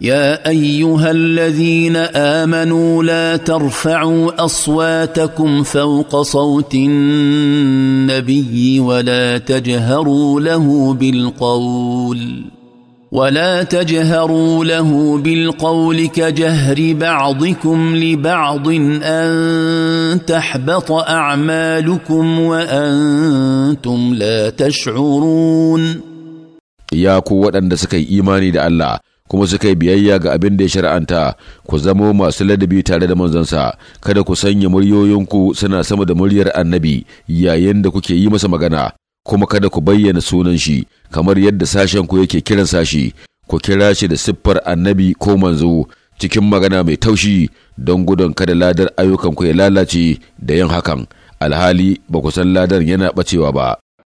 يا ايها الذين امنوا لا ترفعوا اصواتكم فوق صوت النبي ولا تجهروا له بالقول ولا تجهروا له بالقول كجهر بعضكم لبعض ان تحبط اعمالكم وانتم لا تشعرون يا قوه ان سكي ايماني لله kuma suka yi biyayya ga abin da ya shar'anta ku zamo masu ladabi tare da manzansa kada ku sanya muryoyinku suna sama da muryar annabi yayin da kuke yi masa magana kuma kada ku bayyana sunan shi kamar yadda sashen ku yake kiran sashi ku kira shi da siffar annabi ko manzo cikin magana mai taushi don gudun kada ladar ayyukan ku ya lalace da yin hakan alhali ba ku san ladar yana bacewa ba